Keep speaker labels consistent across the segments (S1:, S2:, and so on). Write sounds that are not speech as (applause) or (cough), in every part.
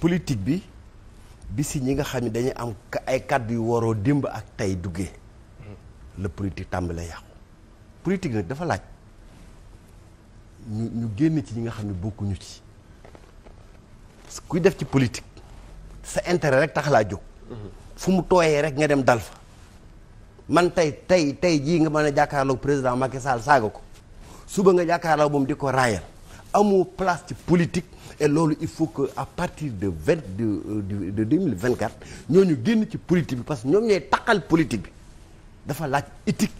S1: politique bi bi si ñi nga xam ne dañuy am ay kàddu yu waroo démb ak tey duggee la politique tàmbalee yàqu politique nag dafa laaj ñu génn ci ñi nga xam ne bokkuñu ci kuy def ci politique sa intérêt rek tax laa jóg fu mu tooyee rek nga dem dal fa man tey tey tey jii nga mën a jàkkaarloog président Macky Sall saaga ko suba nga jàkkaarloo moom di ko raayal amoo place ci politique et loolu il faut que à partir de vingt de euh, de deux mille vingt quatre ñooñu génn ci politique bi parce que ñoom ñooy taqal politique bi dafa laaj éthique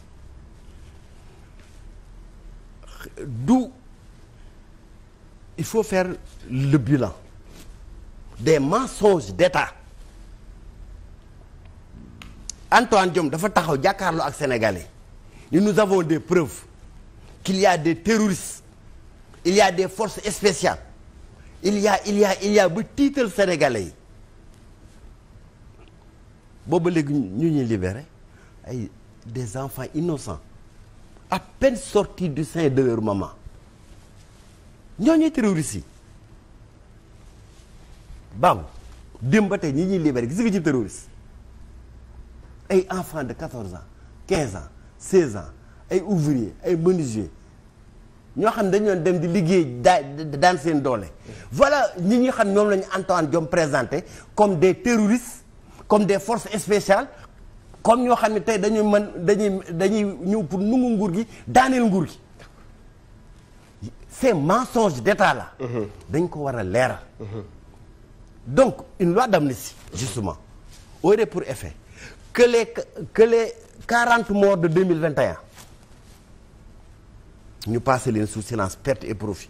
S1: du il faut faire le bilan des mensonges d'État Antoine Diome dafa taxaw jàkkaarloo ak sénégalais ni nous avons des preuves qu'il y a il y a des forces spéciales il y a il y a il y a ba tiital sénégalais yi booba léegi ñu ñuy libere ay des enfants innocents à peine sortis du sein de leur maman ñooñu terroristes yi baabu démb ba tey ñi ñuy libere gis nga ci terroriste ay enfants de 14 ans 15 ans 16 ans ay ouvriers ay menuisiers. ñoo xam dañu doon dem di liggéey daan seen doole voilà ñi ñi xam ñoom la ñu Antoine Diome présenté comme des terroristes comme des forces espéciales comme ñoo xam ne tey dañuy mën dañuy dañuy ñëw pour nungu nguur gi daaneel nguur gi ces mensonges d'état la mhm. dañ ko war a leeral donc une loi d'amnistie justement aurait pour effet que les que les quarante morts de deux mille vingt ñu passé leen sous silence perte et profit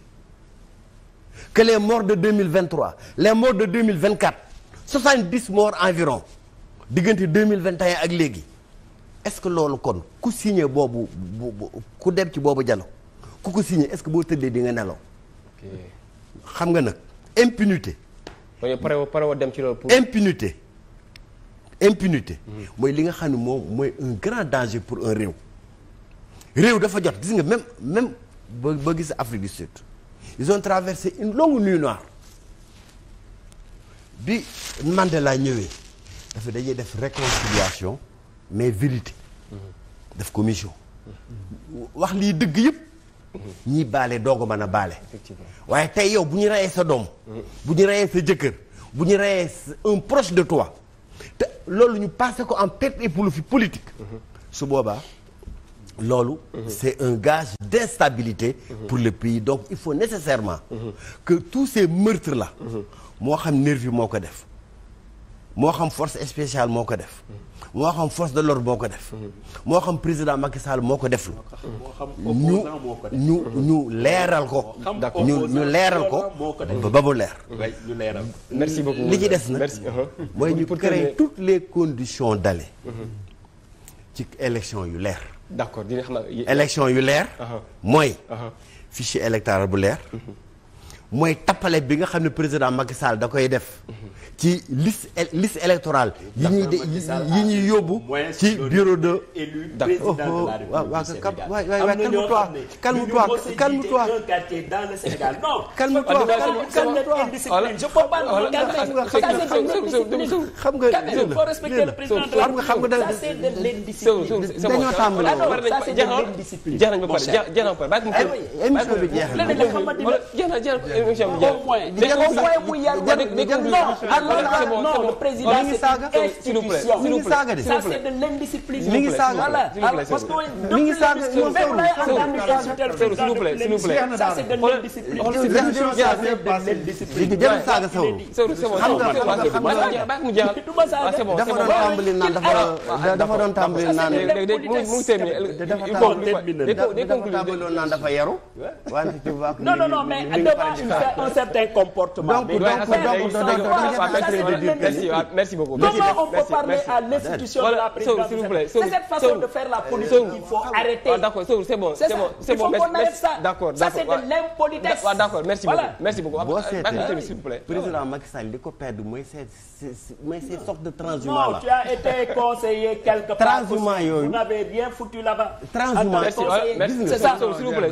S1: que les morts de 2023 les morts de 2024 70 morts environ diggante 2021 ak léegi est-ce que loolu kon ku signé boobu ku dem ci boobu jalo ku ko signé est-ce que boo tëddee di nga nelaw xam nga nag impunité pare pare dem ci loolu pour impunité impunité mm-hmm. mooy li nga xam ne moom mooy un grand danger pour un réew réew dafa jot gis nga même même ba ba gis Afrique du Sud ils ont traversé une longue nuit noire bi Mandela ñëwee dafa dañuy def réconciliation mais vérité def commission wax lii dëgg yëpp ñi baale doog a mën a baale waaye tey yow bu ñu reyee sa doom bu ñu reyee sa jëkkër bu ñu reyee un proche de toit te loolu ñu passé ko en perte et pour fi politique mhm. su boobaa loolu c'est un gage d'instabilité pour le pays donc il faut nécessairement que tous ces meurtres la moo xam nervi moo ko def moo xam force spéciale moo ko def moo xam force de l'ordre moo ko def moo xam président Macky Sall moo ko def lu ñu ñu ñu leeral ko ñu ñu leeral ko ba mu leer merci beaucoup li ci des na uh-huh. mooy ñu créer toutes les conditions d'aller ci élection yu leer d' accord dina xam élection yu leer. mooy. fichier électoral bu leer. Mhm. mooy tappale bi nga xam ne président Macky Sall da koy def ci liste liste électorale yi ñuy yi ñuy yóbbu ci bureau de oh, oh, waaw waaw waay waay waay calme-toi calme-toi calme-toi dans le Sénégal non (laughs) calme-toi calme-toi xam nga xam nga xam nga dañoo tàmbali ah woon jeex nañ ba pare jeex nañ ba pare eh émission bi jeex na émission bi jeex. non non le président c'est institution. mi ngi saaga de ça c'est de l'indiscipline. mi ngi saaga voilà parce que. mi ngi saaga ça c'est de l'indiscipline. dafa doon tàmbali naan dafa dafa doon tàmbali naan. dafa doon tàmbali naan dafa yaru. wante tu vois que. non non non mais un certain comportement. donc merci beaucoup. comment on peut parler à l'institution de la présidence s'il vous plaît c'est cette façon de faire la politique qu'il faut arrêter. Ah, d'accord c'est bon c'est bon c'est bon d'accord ça c'est de l'impolitesse. Ah, d'accord merci beaucoup merci beaucoup. boo ah, seetee s'il vous plaît président Macky Sall li ko perdre mooy ces mooy ces sortes de transhumants là. non tu as été conseiller quelque part. transhumant yooyu vous n'avez rien foutu là-bas. transhumant c'est ça s'il vous plaît.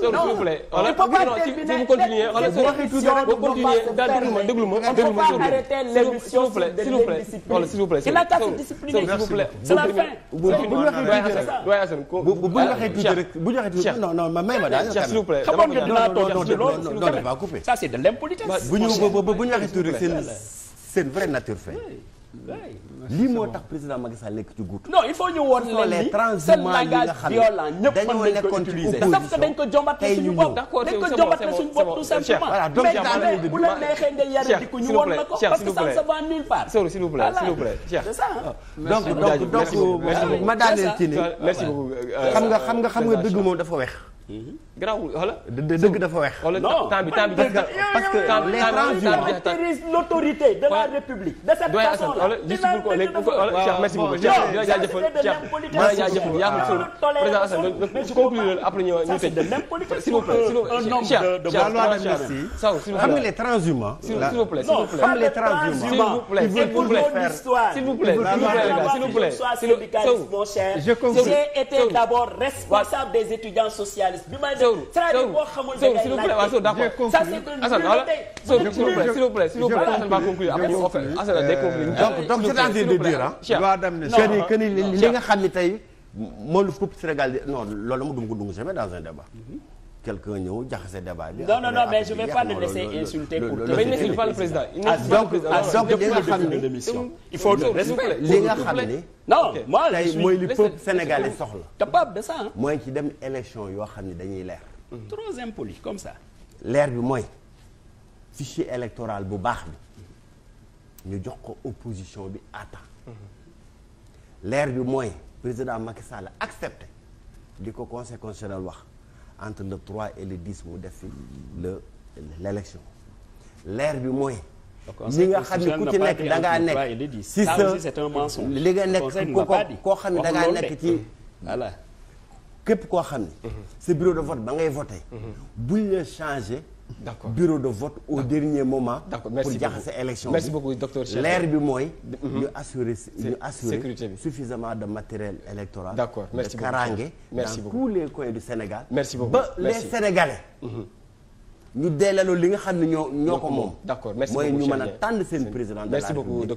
S1: s'il vous plaît. si vous continuez wala bu ñu waxee bu ñu bu ñu waxee tuuti non non ma may ma daal s'il vous plaît xamoon non non dafa coupé bu ñu bu ñu waxee tuuti rek seen seen nature feeñ lii moo tax président Macky Sall lekk ci guut. non il faut ñu woon leen ni seen langage violent ñëpp mën nañ ko utiliser parce que dañ ko jombat na suñu bopp d'accord ko jombat na suñu bopp tout nga ne se voit nulle part s'il vous plaît s'il vous plaît Cheikh c'est ça donc ma daaneel ci ni merci beaucoup euh, euh, euh, xam nga xam nga xam nga dëgg moom dafa weex Mm-hmm. garaawul xoolal. dëgg dafa wex non temps bi temps bi parce que temps bi temps bi caractérise l'autorité de la République. de cette façon là Cheikh merci beaucoup Cheikh di la jaajëfal Cheikh di la jaajëfal yaa ko sori président Assane nga conclure leen après ñu ñu tëj. s'il vous plaît s'il vous plaît Cheikh Cheikh xam nga les transhumants. s'il vous plaît s'il vous plaît xam les transhumants. s'il vous plaît s'il vous plaît s'il vous plaît s'il vous plaît. je conclue j'ai été d'abord responsable des étudiants socialistes journaliste bi may def. se à dire boo xamul da a laajte d'accord ça c'est que euh, li nga xam ne tey moom le peuple sénégalais non loolu ma dugg dugg jamais dans un débat mhm. quelqu'un ñëw jaxase débat bi. non non non le laisser insulter pour. te bañ n'insulte pas le président. donc donc li nga xam ne. il faut li nga xam ne. soxla. te Pape mooy ci dem élection yoo xam ne dañuy leer. comme ça. leer bi mooy fichier électoral bu baax bi ñu jox ko opposition bi à temps. leer bi mooy président Macky Sall di ko conseil constitutionnel wax. entre le 3 et le 10 mu def fi le l' élection leer bi mooy. li nga xam ne ku ci nekk da ngaa nekk si sa li nga nekk ko koo xam ne da ngaa nekk ci voilà képp koo xam ne. Mm-hmm. sa bureau de vote ba ngay voté. Mm-hmm. buñ la changé. d'accord bureau de vote au dernier moment. pour jaxase élection bi merci beaucoup docteur Cheikh leer bi mooy. Mhm. ñu assurer ñu assurer sécurité bi suffisamment de matériel électoral. d'accord merci beaucoup de karange. merci beaucoup dans tous les coins du Sénégal. merci beaucoup ba les Sénégalais. Mhm. ñu delloo li nga xam ni ñoo ñoo ko moom. d'accord merci mooy ñu mën a tànn seen président de la République.